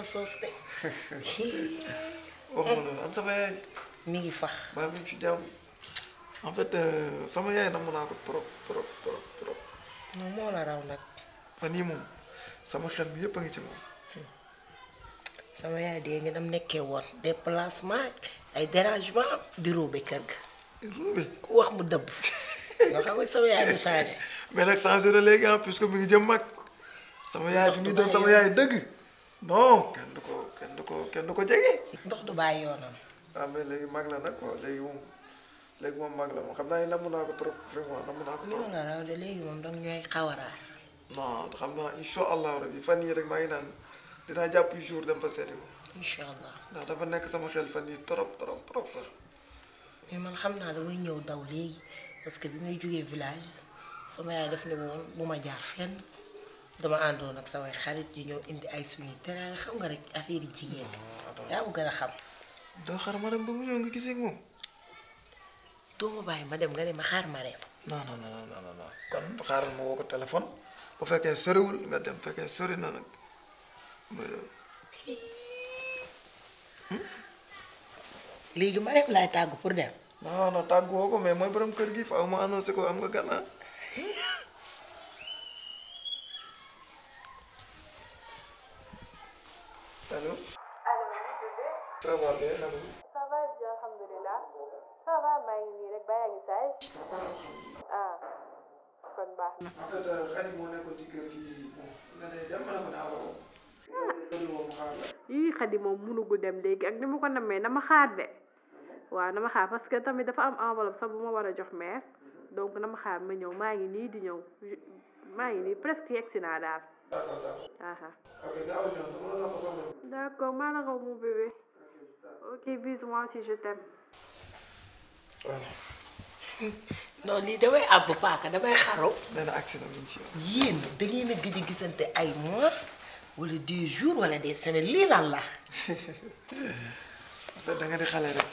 a soos sama yaay mi ngi fax maa mi euh, sama yaay namm naa ko trop trop trop trop non a ngi ci moom sama yaay de ngeen ay dérangement di ruube kër ga ruube ku wax mu dëbb nga xam nga sama yaay du changé mais léegi ah puisque mi jëm mag sama yaay bi ñu sama yaay dëgg non kenn du ko kenn du ko kenn du ko jege. ndox du bàyyi yoonam. ah mais léegi mag la nag quoi léegi moom léegi moom mag la moom xam naa ne namm naa ko trop vraiment namm naa ko trop. nga raw de léegi moom danga ñooy xawaraar. non xam naa incha allahu rabi fan yii rek maa ngi naan dinaa jàpp jour dem fa seeti ko. incha allah ndax dafa nekk sama xel fan yii trop trop trop sax. mais man xam naa damay ñëw daw léegi parce que bi may jógee village sama yaay daf ne woon bu ma jaar fenn. dama nak sa way xarit yu ñew indi ay suñuy teraanga xam nga rek affaire yi jigeen ah, ah, ya ko gëna xam. do xar ma dem ba mu ñew nga gisee ak do doo ma bàyyi ma dem nga ne ma xaar ma dem. non non non non non kon xaaral ma woko telephone téléphone bu fekkee soriwul nga dem fekke na ma rek laay tàggu pour dem. non non mais borom kër gi faaw ma ko am nga Ça va bien, la Ça va bien, Alhamdulillah. Ça va, maa ngi nii rek bàyyi a ngi saaj. ah kon baax na. xarit moo nekkoon ci kër gi bon na ne dem na ko naa waroo. yii xadi moom munugul dem léegi ak ni ma ko namee na ma xaar de waaw na ma xaar parce que tamit dafa am enveloppe sax bu ma jox mère donc na xaar ma ñëw maa ngi di ñëw maa ngi nii presque yegg si naa daal. d'accord d'accord. ok d'accord maa la ko mu bébé. Ok, bise moi aussi, je t'aime. non lii damay àbb ka damay xaro dana accident bi ci yeen da ngay a gëj a ay mois wala des jours wala des semaines li lan la. fa da nga di xalé rek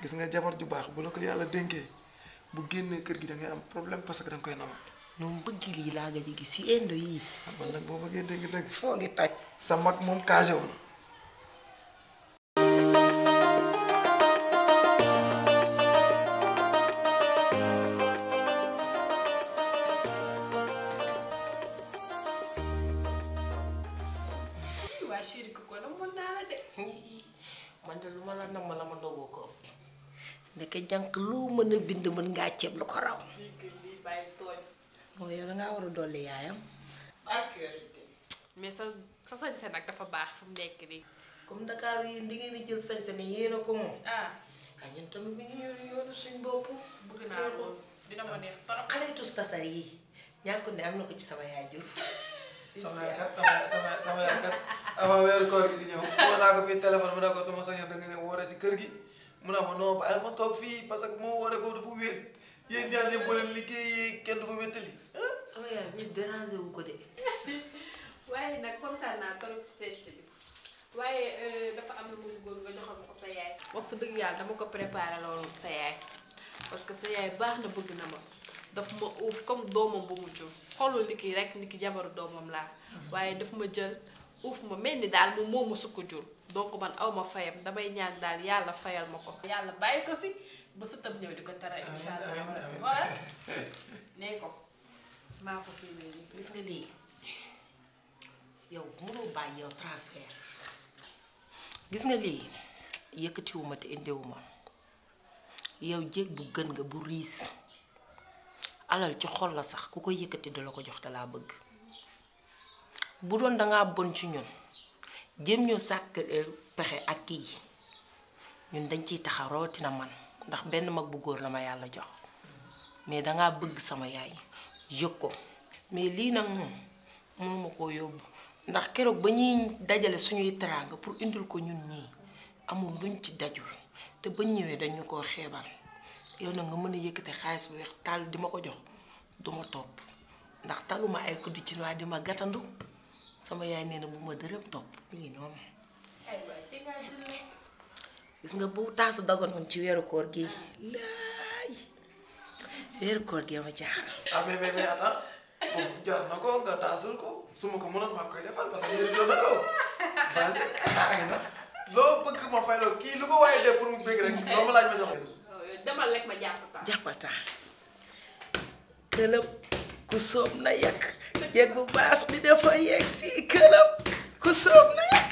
gis nga jabar ju bax bu la ko yalla dénkee bu génné kër gi da ngay am problème parce que da nga koy namal. ñoom bëgg li la gëj a gis yu indo yii. Ah, man nag boo bëggee dégg-dégg. foo ngi toj. sa mak mom casé wu la chérie ko la mon na la de man de luma la nam la man do boko nek jank lu meuna bind meun nga ciep lu ko raw mo yo nga wara doli yayam barkeurité mais sa sa sañse nak dafa bax fum nek ni comme dakar yi ndi ngeen jël ni ya ko ah a tam bu ñu yoru yoru suñ bop bëgg na ko dina ma neex torop xalé tous ne am na ko ci sama yaay jur sama ya. kat sama sama sama kat avant weeru koor gi di ñëw woo naa ko fii téléphone mu ne ko sama sañoon da nga ñëw woote ci kër gi mu na ma non bàyyil ma toog fii parce que moo woote foofu dafa wéet yéen ñaar yëpp boo leen liggéeyee kenn du fa wéttali sama yaay bi dérangé wu ko de nak nag kontaan na trop seet si bi waaye dafa am lu mu bëggoon nga joxal ma ko sa yaay wax fa dëgg yàlla dama ko préparé loolu sa yaay parce que sa yaay baax na bëgg na ma daf ma uuf uh, comme doomam bu mu jur xoolul ni rek ni jabaru doomam laa waaye daf ma jël Uf, ma melni dal daal moom moo jur donc man awma fayam damay ñaan dal yalla fayal mako yalla yàlla ko fi ba sa tëb ñew di tara inshallah allah wala nee ko ma ko fi may gis nga lii yow mënoo bay yow transfert gis nga wu ma te ma yow jéeg bu gën nga bu riis alal ci xol la sax ku ko yëkkati da la ko jox da la bëgg bu doon dangaa bon ci ñun jéem ñoo sàkk euh, pexe ak kii ñun dañ ciy taxaw rawatina man ndax benn mag bu góor la ma yàlla jox mais dangaa bëgg sama yaay yëg ko mais lii nag moom mënuma koo yóbbu ndax keroog ba ñuy dajale suñuy teraanga pour indil ko ñun ñii amul luñ ci dajul te ba ñëwee dañu koo xeebal yow nag nga mën a yëkkate xaalis bu weex tàll di ma ko jox duma topp ndax taluma ay kudd ci waa di ma gàttandu sama yaay nee na bu ma dërëm topp mi ngi noonu gis nga bu taasu daganoon ci weeru koor gi laay weeru koor gi ma ah, ko su ma ko mënoon maa koy defal parce jox demal rek ma këlëb ku soom na yàq jéeg bu baas bi dafa yegg si këram ku soob nag.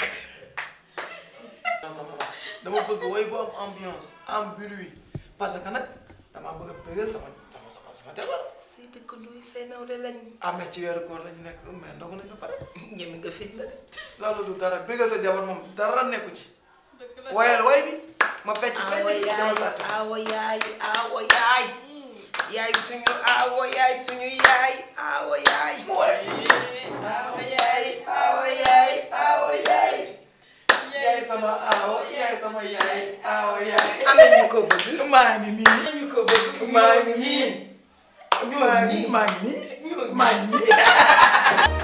dama bëgg woy bu am ambiance am bruit parce que nag damaa bëgg a bëggal sama sama sama sama jabar. say dëkkandoo yi say nawle lañ. ah ci weeru koor lañ nekk mais ndogu nañ ba pare. ñeme nga fit na de. loolu du dara bëggal sa jabar moom dara nekku ci. woyal woy bi ma fecc fecc. awo Yai sunyu awo yai sunyu yai awo yai. Awo yai awo yai awo yai. Yai sama awo yai sama yai awo yai. Ameni ko bogu. Mani ni. Ameni ko bogu. Mani ni. Mani mani mani.